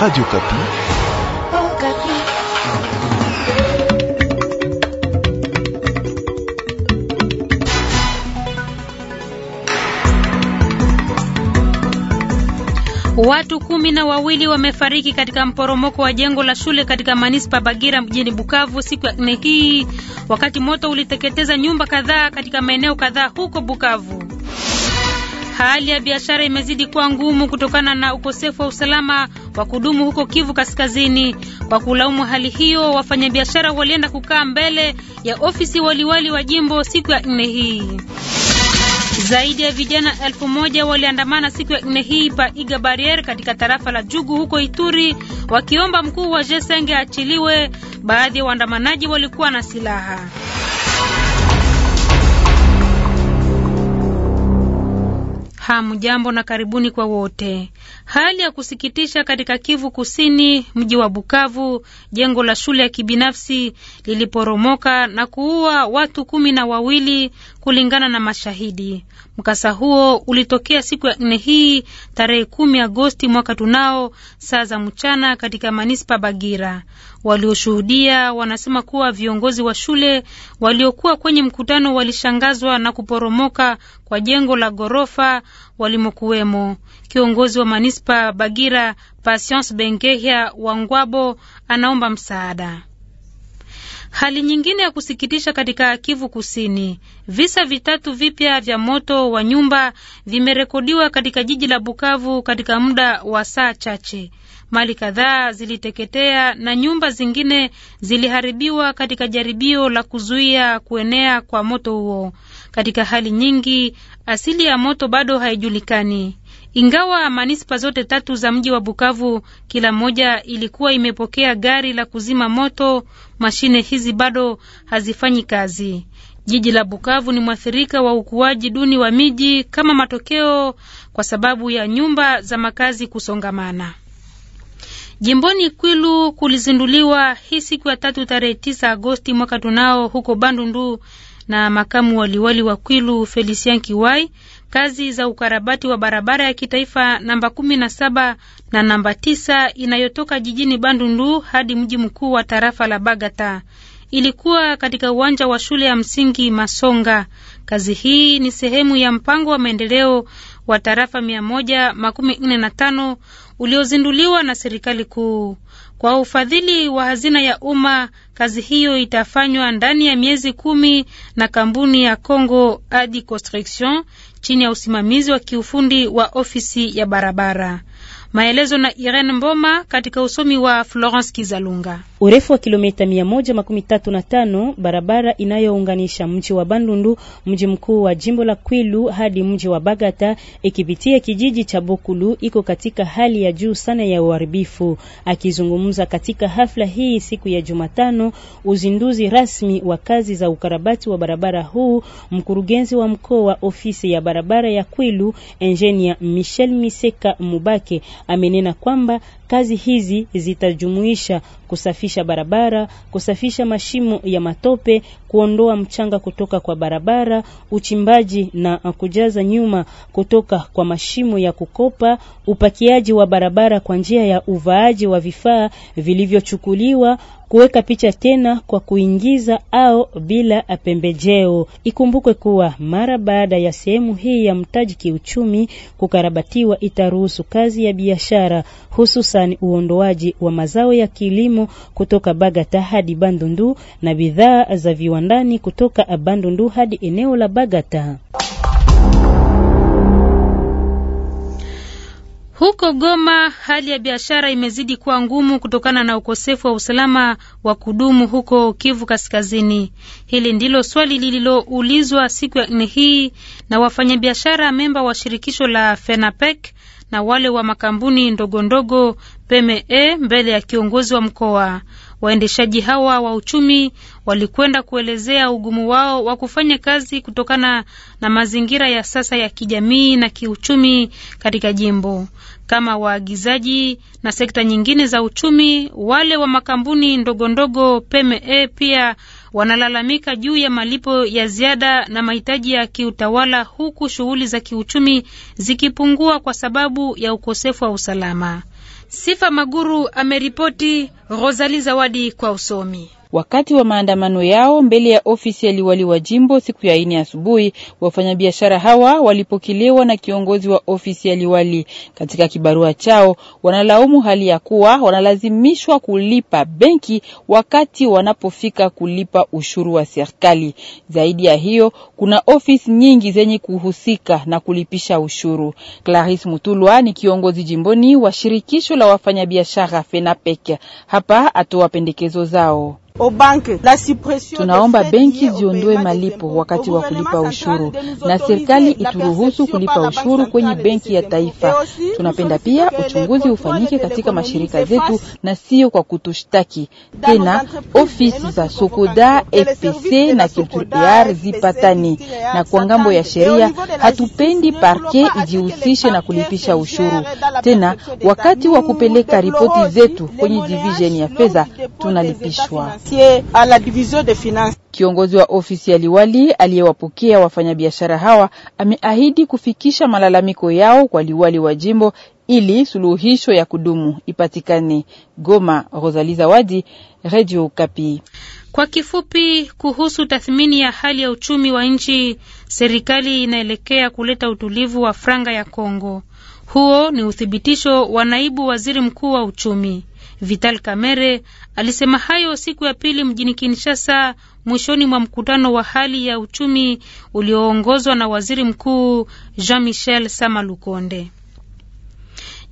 Radio Kapi. Oh, Kapi. Watu kumi na wawili wamefariki katika mporomoko wa jengo la shule katika manispa Bagira mjini Bukavu siku ya nne hii, wakati moto uliteketeza nyumba kadhaa katika maeneo kadhaa huko Bukavu. Hali ya biashara imezidi kuwa ngumu kutokana na ukosefu wa usalama wa kudumu huko Kivu Kaskazini. Kwa kulaumu hali hiyo, wafanyabiashara walienda kukaa mbele ya ofisi waliwali wa jimbo siku ya nne hii. Zaidi ya vijana elfu moja waliandamana siku ya nne hii pa Iga Barrier katika tarafa la Jugu huko Ituri, wakiomba mkuu wa Jesenge aachiliwe. Baadhi ya waandamanaji walikuwa na silaha. Hamjambo na karibuni kwa wote. Hali ya kusikitisha katika Kivu Kusini, mji wa Bukavu, jengo la shule ya kibinafsi liliporomoka na kuua watu kumi na wawili kulingana na mashahidi. Mkasa huo ulitokea siku ya nne hii tarehe kumi Agosti mwaka tunao, saa za mchana katika manispa Bagira. Walioshuhudia wanasema kuwa viongozi wa shule waliokuwa kwenye mkutano walishangazwa na kuporomoka kwa jengo la ghorofa walimokuwemo. Kiongozi wa manispa Bagira, Patience Bengehya Wangwabo, anaomba msaada. Hali nyingine ya kusikitisha katika Kivu Kusini, visa vitatu vipya vya moto wa nyumba vimerekodiwa katika jiji la Bukavu katika muda wa saa chache. Mali kadhaa ziliteketea na nyumba zingine ziliharibiwa katika jaribio la kuzuia kuenea kwa moto huo. Katika hali nyingi, asili ya moto bado haijulikani. Ingawa manispa zote tatu za mji wa Bukavu kila moja ilikuwa imepokea gari la kuzima moto, mashine hizi bado hazifanyi kazi. Jiji la Bukavu ni mwathirika wa ukuaji duni wa miji kama matokeo kwa sababu ya nyumba za makazi kusongamana. Jimboni Kwilu kulizinduliwa hii siku ya tatu tarehe tisa Agosti mwaka tunao huko Bandundu na makamu waliwali wa Kwilu Felicien Kiwai kazi za ukarabati wa barabara ya kitaifa namba 17 na namba 9 inayotoka jijini Bandundu hadi mji mkuu wa tarafa la Bagata. Ilikuwa katika uwanja wa shule ya msingi Masonga. Kazi hii ni sehemu ya mpango wa maendeleo wa tarafa tano uliozinduliwa na serikali kuu kwa ufadhili wa hazina ya umma. Kazi hiyo itafanywa ndani ya miezi kumi na kampuni ya Congo Adi Construction chini ya usimamizi wa kiufundi wa ofisi ya barabara. Maelezo na Irene Mboma katika usomi wa Florence Kizalunga urefu wa kilomita 135 barabara inayounganisha mji wa Bandundu, mji mkuu wa jimbo la Kwilu, hadi mji wa Bagata ikipitia kijiji cha Bokulu iko katika hali ya juu sana ya uharibifu. Akizungumza katika hafla hii siku ya Jumatano, uzinduzi rasmi wa kazi za ukarabati wa barabara huu, mkurugenzi wa mkoa ofisi ya barabara ya Kwilu, Engineer Michel Miseka Mubake amenena kwamba Kazi hizi zitajumuisha kusafisha barabara, kusafisha mashimo ya matope, kuondoa mchanga kutoka kwa barabara, uchimbaji na kujaza nyuma kutoka kwa mashimo ya kukopa, upakiaji wa barabara kwa njia ya uvaaji wa vifaa vilivyochukuliwa kuweka picha tena kwa kuingiza au bila pembejeo Ikumbukwe kuwa mara baada ya sehemu hii ya mtaji kiuchumi kukarabatiwa, itaruhusu kazi ya biashara, hususan uondoaji wa mazao ya kilimo kutoka Bagata hadi Bandundu na bidhaa za viwandani kutoka Bandundu hadi eneo la Bagata. Huko Goma hali ya biashara imezidi kuwa ngumu kutokana na ukosefu wa usalama wa kudumu huko Kivu Kaskazini. Hili ndilo swali lililoulizwa siku ya nne hii na wafanyabiashara memba wa shirikisho la FENAPEC na wale wa makampuni ndogondogo PME mbele ya kiongozi wa mkoa. Waendeshaji hawa wa uchumi walikwenda kuelezea ugumu wao wa kufanya kazi kutokana na mazingira ya sasa ya kijamii na kiuchumi katika jimbo. Kama waagizaji na sekta nyingine za uchumi, wale wa makampuni ndogondogo PME pia wanalalamika juu ya malipo ya ziada na mahitaji ya kiutawala, huku shughuli za kiuchumi zikipungua kwa sababu ya ukosefu wa usalama. Sifa Maguru ameripoti, Rosali Zawadi kwa usomi. Wakati wa maandamano yao mbele ya ofisi ya liwali wa jimbo siku ya ine asubuhi, wafanyabiashara hawa walipokelewa na kiongozi wa ofisi ya liwali. Katika kibarua chao, wanalaumu hali ya kuwa wanalazimishwa kulipa benki wakati wanapofika kulipa ushuru wa serikali. Zaidi ya hiyo, kuna ofisi nyingi zenye kuhusika na kulipisha ushuru. Clarice Mutulwa ni kiongozi jimboni wa shirikisho la wafanyabiashara FENAPEC. Hapa atoa pendekezo zao. Tunaomba benki ziondoe malipo wakati wa kulipa ushuru na serikali ituruhusu kulipa ushuru kwenye benki ya taifa. Tunapenda pia uchunguzi ufanyike katika mashirika zetu na sio kwa kutushtaki tena. Ofisi za Sokoda, FPC na Culture zipatani na kwa ngambo ya sheria. Hatupendi parke ijihusishe na kulipisha ushuru tena. Wakati wa kupeleka ripoti zetu kwenye divisheni ya fedha tunalipishwa associé à la division des finances. Kiongozi wa ofisi ya liwali aliyewapokea wafanyabiashara hawa ameahidi kufikisha malalamiko yao kwa liwali wa jimbo ili suluhisho ya kudumu ipatikane. Goma, Rosalie Zawadi, Radio Kapi. Kwa kifupi, kuhusu tathmini ya hali ya uchumi wa nchi, serikali inaelekea kuleta utulivu wa franga ya Kongo. Huo ni uthibitisho wa naibu waziri mkuu wa uchumi. Vital Kamerhe alisema hayo siku ya pili mjini Kinshasa mwishoni mwa mkutano wa hali ya uchumi ulioongozwa na Waziri Mkuu Jean-Michel Sama Lukonde.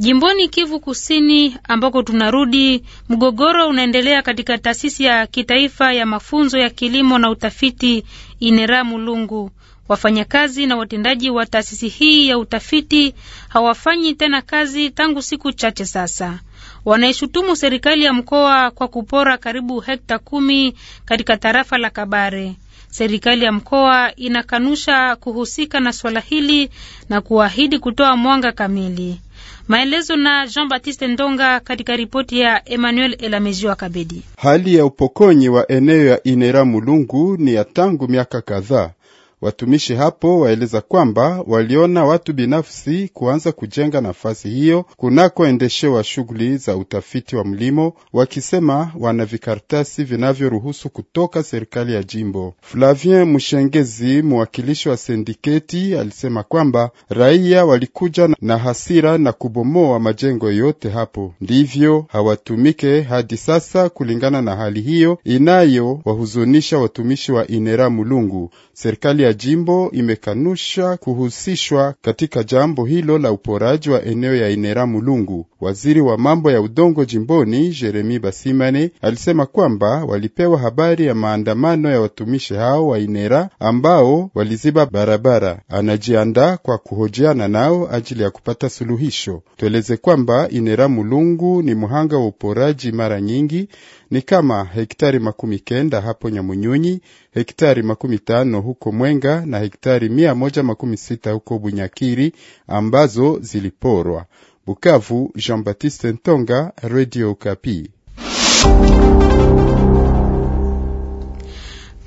Jimboni Kivu Kusini ambako tunarudi, mgogoro unaendelea katika taasisi ya kitaifa ya mafunzo ya kilimo na utafiti Inera Mulungu. Wafanyakazi na watendaji wa taasisi hii ya utafiti hawafanyi tena kazi tangu siku chache sasa. Wanaishutumu serikali ya mkoa kwa kupora karibu hekta kumi katika tarafa la Kabare. Serikali ya mkoa inakanusha kuhusika na swala hili na kuahidi kutoa mwanga kamili. Maelezo na Jean Baptiste Ndonga katika ripoti ya Emmanuel Elamejiwa Kabedi. Hali ya upokonyi wa eneo ya Inera Mulungu ni ya tangu miaka kadhaa. Watumishi hapo waeleza kwamba waliona watu binafsi kuanza kujenga nafasi hiyo kunakoendeshewa shughuli za utafiti wa mlimo, wakisema wana vikaratasi vinavyoruhusu kutoka serikali ya jimbo. Flavien Mushengezi, mwakilishi wa sindiketi, alisema kwamba raia walikuja na hasira na kubomoa majengo yote hapo, ndivyo hawatumike hadi sasa, kulingana na hali hiyo inayowahuzunisha watumishi wa Inera Mulungu. Serikali ya jimbo imekanusha kuhusishwa katika jambo hilo la uporaji wa eneo ya Inera Mulungu. Waziri wa mambo ya udongo jimboni Jeremi Basimane alisema kwamba walipewa habari ya maandamano ya watumishi hao wa Inera ambao waliziba barabara. Anajiandaa kwa kuhojiana nao ajili ya kupata suluhisho. Tueleze kwamba Inera Mulungu ni mhanga wa uporaji mara nyingi ni kama hektari makumi kenda hapo Nyamunyunyi, hektari makumi tano huko Mwenga na hektari mia moja makumi sita huko Bunyakiri ambazo ziliporwa. Bukavu, Jean Baptiste Ntonga, Radio Kapi.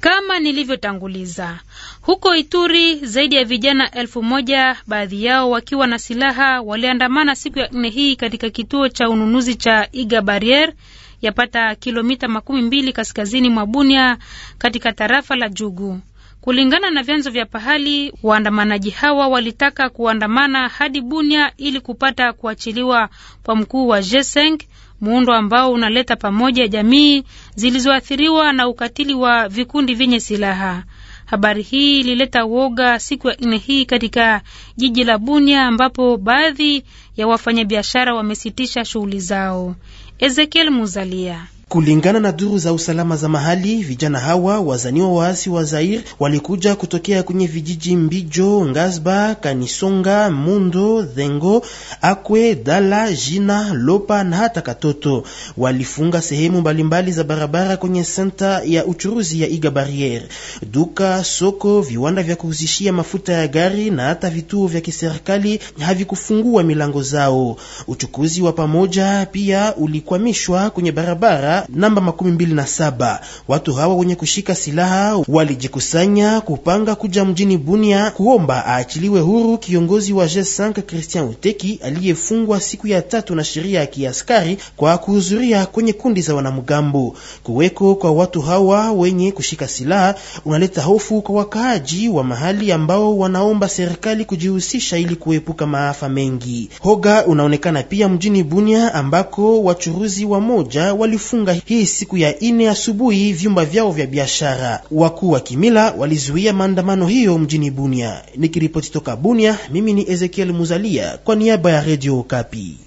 Kama nilivyotanguliza huko Ituri, zaidi ya vijana elfu moja, baadhi yao wakiwa na silaha, waliandamana siku ya nne hii katika kituo cha ununuzi cha Iga barrier yapata kilomita makumi mbili kaskazini mwa Bunia, katika tarafa la Jugu. Kulingana na vyanzo vya pahali, waandamanaji hawa walitaka kuandamana hadi Bunia ili kupata kuachiliwa kwa mkuu wa Jeseng muundo ambao unaleta pamoja jamii zilizoathiriwa na ukatili wa vikundi vyenye silaha. Habari hii ilileta woga siku ya nne hii katika jiji la Bunia, ambapo baadhi ya wafanyabiashara wamesitisha shughuli zao. Ezekiel Muzalia Kulingana na duru za usalama za mahali, vijana hawa wazaniwa waasi wa Zair walikuja kutokea kwenye vijiji Mbijo, Ngazba, Kanisonga, Mundo, Dhengo, Akwe, Dala, Jina, Lopa na hata Katoto. Walifunga sehemu mbalimbali za barabara kwenye senta ya uchuruzi ya Iga Barriere, duka, soko, viwanda vya kuuzishia mafuta ya gari na hata vituo vya kiserikali havikufungua milango zao. Uchukuzi wa pamoja pia ulikwamishwa kwenye barabara namba makumi mbili na saba. Watu hawa wenye kushika silaha walijikusanya kupanga kuja mjini Bunia kuomba aachiliwe huru kiongozi wa G5 Christian Uteki aliyefungwa siku ya tatu na sheria ya kiaskari kwa kuhudhuria kwenye kundi za wanamgambo. Kuweko kwa watu hawa wenye kushika silaha unaleta hofu kwa wakaaji wa mahali ambao wanaomba serikali kujihusisha ili kuepuka maafa mengi. Hoga unaonekana pia mjini Bunia ambako wachuruzi wa moja walifunga kufunga hii siku ya ine asubuhi vyumba vyao vya biashara. Wakuu wa kimila walizuia maandamano hiyo mjini Bunia. Nikiripoti toka Bunia, mimi ni Ezekiel Muzalia kwa niaba ya redio Okapi.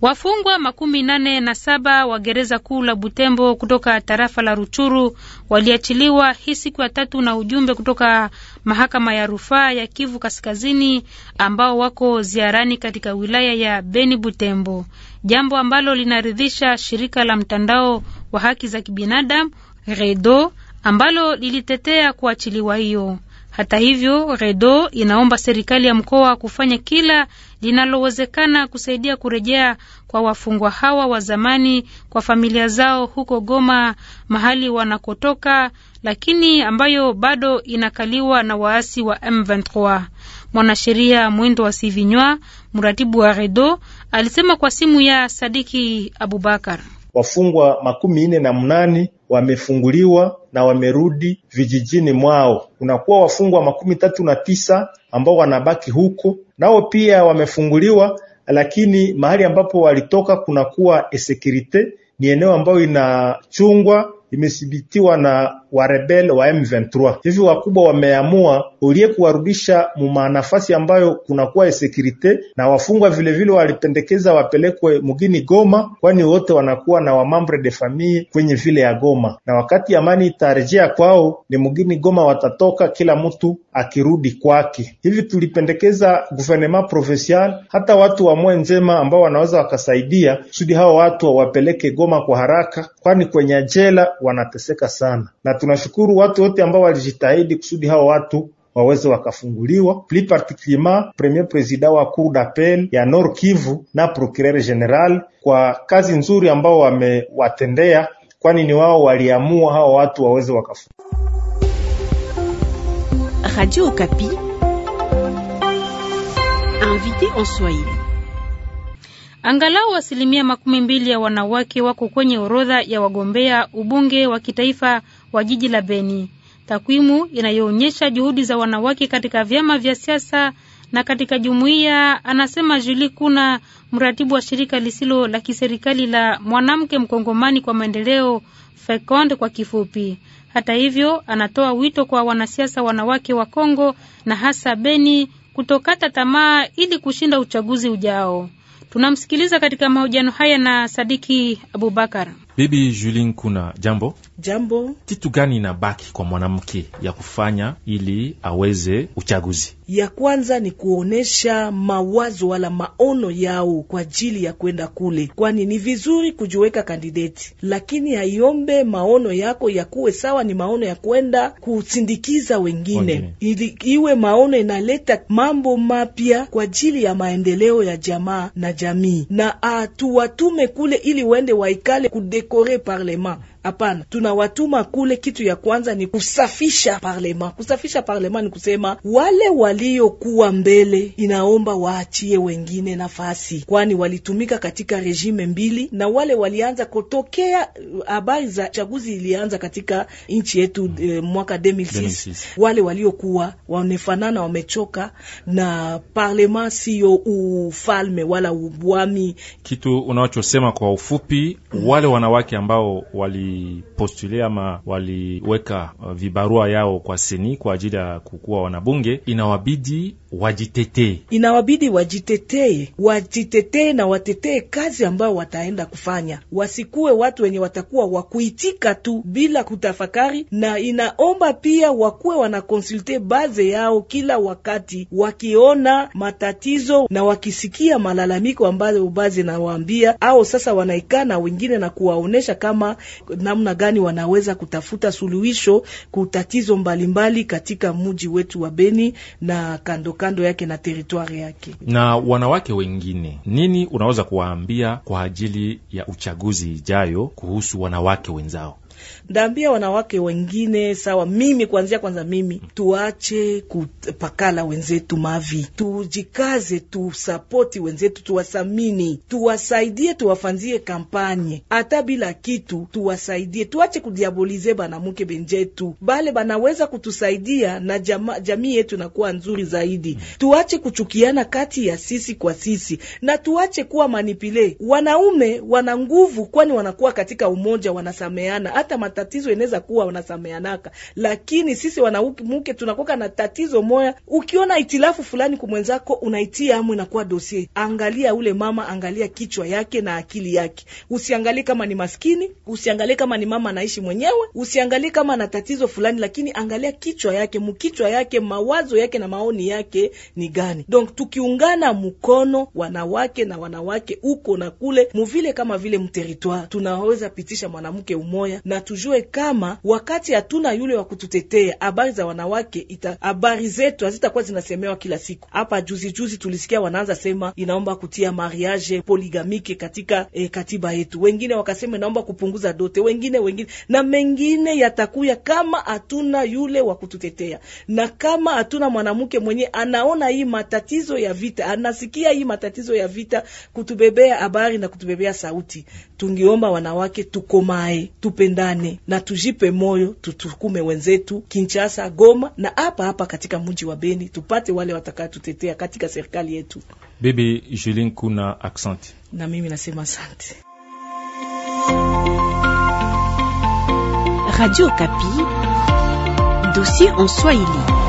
Wafungwa makumi nane na saba wa gereza kuu la Butembo kutoka tarafa la Ruchuru waliachiliwa hii siku ya tatu na ujumbe kutoka mahakama ya rufaa ya Kivu Kaskazini ambao wako ziarani katika wilaya ya Beni Butembo, jambo ambalo linaridhisha shirika la mtandao wa haki za kibinadamu REDO ambalo lilitetea kuachiliwa hiyo. Hata hivyo, REDO inaomba serikali ya mkoa kufanya kila linalowezekana kusaidia kurejea kwa wafungwa hawa wa zamani kwa familia zao huko Goma, mahali wanakotoka, lakini ambayo bado inakaliwa na waasi wa M23. Mwanasheria Mwendo wa Sivinywa, mratibu wa REDO, alisema kwa simu ya Sadiki Abubakar, wafungwa makumi nne na mnane wamefunguliwa na wamerudi vijijini mwao. Kunakuwa wafungwa makumi tatu na tisa ambao wanabaki huko, nao pia wamefunguliwa, lakini mahali ambapo walitoka kunakuwa esekirite, ni eneo ambayo inachungwa imethibitiwa na warebel wa M23. Hivi wakubwa wameamua ulie kuwarudisha mumanafasi ambayo kunakuwa esekirite, na wafungwa vilevile walipendekeza wapelekwe mugini Goma, kwani wote wanakuwa na wamambre de famille kwenye vile ya Goma, na wakati amani itarejea kwao ni mugini Goma, watatoka kila mtu akirudi kwake. Hivi tulipendekeza gouvernement provincial hata watu wa mwe njema ambao wanaweza wakasaidia kusudi hao watu wapeleke Goma kwa haraka, kwani kwenye jela wanateseka sana na tunashukuru watu wote ambao walijitahidi kusudi hao watu waweze wakafunguliwa plus particulierement premier president wa cour d'appel ya Nord Kivu na procureur general kwa kazi nzuri ambao wamewatendea, kwani ni wao waliamua hao watu waweze wakafunguliwa. Radio Okapi invité en Swahili Angalau asilimia makumi mbili ya wanawake wako kwenye orodha ya wagombea ubunge wa kitaifa wa jiji la Beni, takwimu inayoonyesha juhudi za wanawake katika vyama vya siasa na katika jumuiya, anasema Julie Kuna, mratibu wa shirika lisilo la kiserikali la mwanamke mkongomani kwa maendeleo Fekonde kwa kifupi. Hata hivyo, anatoa wito kwa wanasiasa wanawake wa Kongo na hasa Beni kutokata tamaa ili kushinda uchaguzi ujao. Tunamsikiliza katika mahojiano haya na Sadiki Abubakar. Bibi Julin, kuna jambo Jambo, kitu gani inabaki kwa mwanamke ya kufanya ili aweze uchaguzi? Ya kwanza ni kuonyesha mawazo wala maono yao kwa ajili ya kwenda kule, kwani ni vizuri kujiweka kandideti, lakini haiombe maono yako yakuwe sawa, ni maono ya kwenda kusindikiza wengine, ili iwe maono inaleta mambo mapya kwa ajili ya maendeleo ya jamaa na jamii, na atuwatume kule ili waende waikale kudekore parlement Hapana, tunawatuma kule. Kitu ya kwanza ni kusafisha parlema. Kusafisha parlema ni kusema wale waliokuwa mbele inaomba waachie wengine nafasi, kwani walitumika katika rejime mbili, na wale walianza kutokea eh, habari za chaguzi ilianza katika nchi yetu e, mwaka 2006. 2006 wale waliokuwa wamefanana wamechoka na parlema, sio ufalme wala ubwami. Kitu unachosema kwa ufupi, wale wanawake ambao wali walipostule ama waliweka uh, vibarua yao kwa seni kwa ajili ya kukuwa wanabunge, inawabidi wajitetee, inawabidi wajitetee, wajitetee na watetee kazi ambayo wataenda kufanya, wasikuwe watu wenye watakuwa wakuitika tu bila kutafakari, na inaomba pia wakuwe wanakonsulte baze yao kila wakati, wakiona matatizo na wakisikia malalamiko ambayo baze nawaambia, au sasa wanaikaa na wengine na kuwaonesha kama namna gani wanaweza kutafuta suluhisho kutatizo mbalimbali katika mji wetu wa Beni na kando kando yake na teritwari yake. Na wanawake wengine, nini unaweza kuwaambia kwa ajili ya uchaguzi ijayo kuhusu wanawake wenzao? ndaambia wanawake wengine sawa, mimi kuanzia kwanza, mimi tuache kupakala wenzetu mavi, tujikaze, tusapoti wenzetu, tuwasamini, tuwasaidie, tuwafanzie kampanye hata bila kitu, tuwasaidie, tuache kudiabolize banamuke benjetu bale banaweza kutusaidia na jama, jamii yetu inakuwa nzuri zaidi. Tuache kuchukiana kati ya sisi kwa sisi na tuache kuwa manipile. Wanaume wana nguvu, kwani wanakuwa katika umoja, wanasameana hata matatizo inaweza kuwa wanasameanaka, lakini sisi wanamke tunakoka na tatizo moya. Ukiona itilafu fulani kumwenzako, unaitia amu inakuwa dosie. Angalia ule mama, angalia kichwa yake na akili yake, usiangalie kama ni maskini, usiangalie kama ni mama anaishi mwenyewe, usiangalie kama na tatizo fulani, lakini angalia kichwa yake, mkichwa yake, mawazo yake na maoni yake ni gani? Donc tukiungana mkono, wanawake na wanawake huko na kule muvile, kama vile mteritwa, tunaweza pitisha mwanamke umoya na tuju tujue kama wakati hatuna yule wa kututetea, habari za wanawake ita, habari zetu hazitakuwa zinasemewa kila siku. Hapa juzi juzi tulisikia wanaanza sema inaomba kutia mariage poligamike katika e, katiba yetu, wengine wakasema inaomba kupunguza dote, wengine wengine na mengine yatakuya kama hatuna yule wa kututetea, na kama hatuna mwanamke mwenye anaona hii matatizo ya vita, anasikia hii matatizo ya vita, kutubebea habari na kutubebea sauti tungiomba wanawake tukomae, tupendane na tujipe moyo, tutukume wenzetu Kinshasa, Goma na hapa hapa katika mji wa Beni, tupate wale watakaotutetea katika serikali yetu. Bibi Julin, kuna aksanti na mimi nasema asante. Radio Kapi, dossier en Swahili.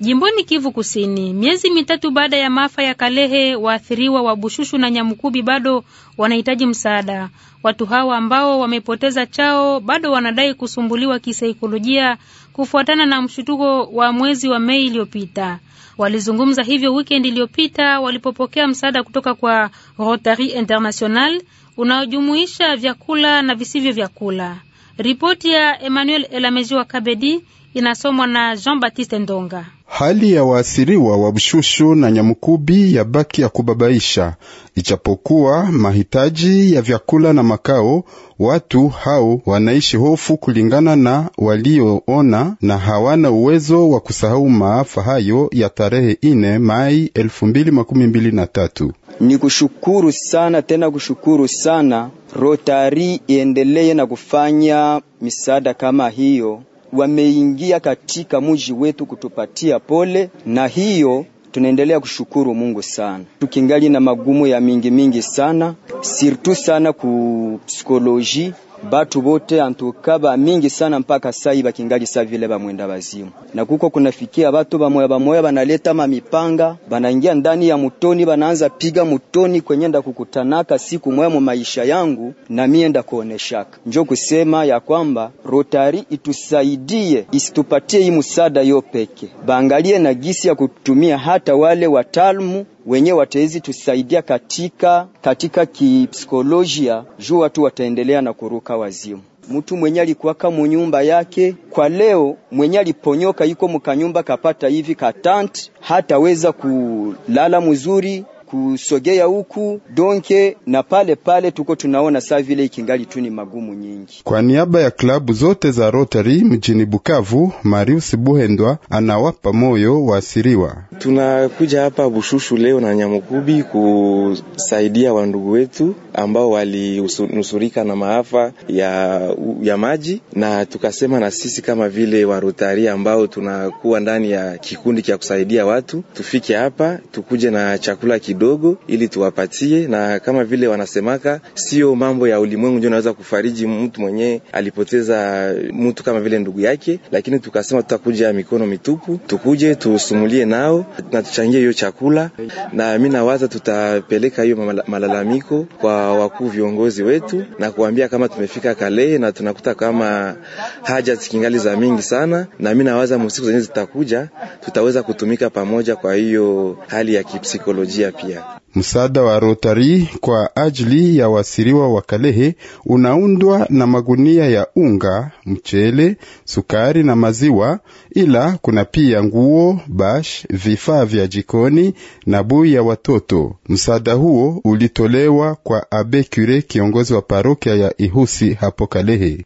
Jimboni Kivu Kusini, miezi mitatu baada ya maafa ya Kalehe, waathiriwa wa Bushushu na Nyamukubi bado wanahitaji msaada. Watu hawa ambao wamepoteza chao bado wanadai kusumbuliwa kisaikolojia kufuatana na mshutuko wa mwezi wa Mei iliyopita. Walizungumza hivyo wikendi iliyopita walipopokea msaada kutoka kwa Rotary International unaojumuisha vyakula na visivyo vyakula. Ripoti ya Emmanuel Elamejiwa Kabedi inasomwa na Jean Baptiste Ndonga. Hali ya waasiriwa wa Bushushu na Nyamukubi ya baki ya kubabaisha. ichapokuwa mahitaji ya vyakula na makao, watu hao wanaishi hofu kulingana na walioona, na hawana uwezo wa kusahau maafa hayo ya tarehe ine Mai elfu mbili makumi mbili na tatu. Ni kushukuru sana tena kushukuru sana Rotari iendeleye na kufanya misaada kama hiyo wameingia katika mji wetu kutupatia pole, na hiyo tunaendelea kushukuru Mungu sana. Tukingali na magumu ya mingi mingi sana, sirtu sana ku psikoloji batu bote antuka ba mingi sana mpaka sai bakingali sa vile bamwenda bazimu, na kuko kunafikia batu bamoya bamoya banaleta mamipanga banaingia ndani ya mutoni banaanza piga mutoni kwenye nda kukutanaka siku moya mu maisha yangu na mienda kuoneshaka, njo kusema ya kwamba Rotari itusaidie isitupatie hii musada yo peke, baangalie na gisi ya kutumia hata wale watalmu wenyewe watezi tusaidia katika, katika kipsikolojia juu watu wataendelea na kuruka wazimu. Mtu mwenye alikuwaka munyumba yake kwa leo, mwenye aliponyoka yuko mukanyumba kapata hivi katant, hataweza kulala mzuri kusogea huku donke na pale pale, tuko tunaona saa vile ikingali tu ni magumu nyingi. Kwa niaba ya klabu zote za Rotary mjini Bukavu, Marius Buhendwa anawapa moyo waasiriwa. Tunakuja hapa Bushushu leo na Nyamukubi kusaidia wandugu wetu ambao walinusurika na maafa ya, ya maji, na tukasema na sisi kama vile Rotary ambao tunakuwa ndani ya kikundi cha kusaidia watu tufike hapa tukuje na chakula kidogo kidogo ili tuwapatie, na kama vile wanasemaka, sio mambo ya ulimwengu ndio naweza kufariji mtu mwenye alipoteza mtu kama vile ndugu yake, lakini tukasema tutakuja mikono mitupu, tukuje tusumulie nao na tuchangie hiyo chakula, na mimi nawaza tutapeleka hiyo malalamiko kwa wakuu viongozi wetu na kuambia kama tumefika kale na tunakuta kama haja zikingali za mingi sana, na mimi nawaza msiku zenyewe zitakuja tutaweza kutumika pamoja kwa hiyo hali ya kipsikolojia pia afya. Msaada wa Rotari kwa ajili ya wasiriwa wa Kalehe unaundwa na magunia ya unga, mchele, sukari na maziwa, ila kuna pia nguo, bash, vifaa vya jikoni na bui ya watoto. Msaada huo ulitolewa kwa Abe Kure, kiongozi wa parokia ya Ihusi hapo Kalehe.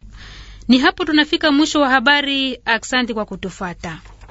Ni hapo tunafika mwisho wa habari. Aksanti kwa kutufata.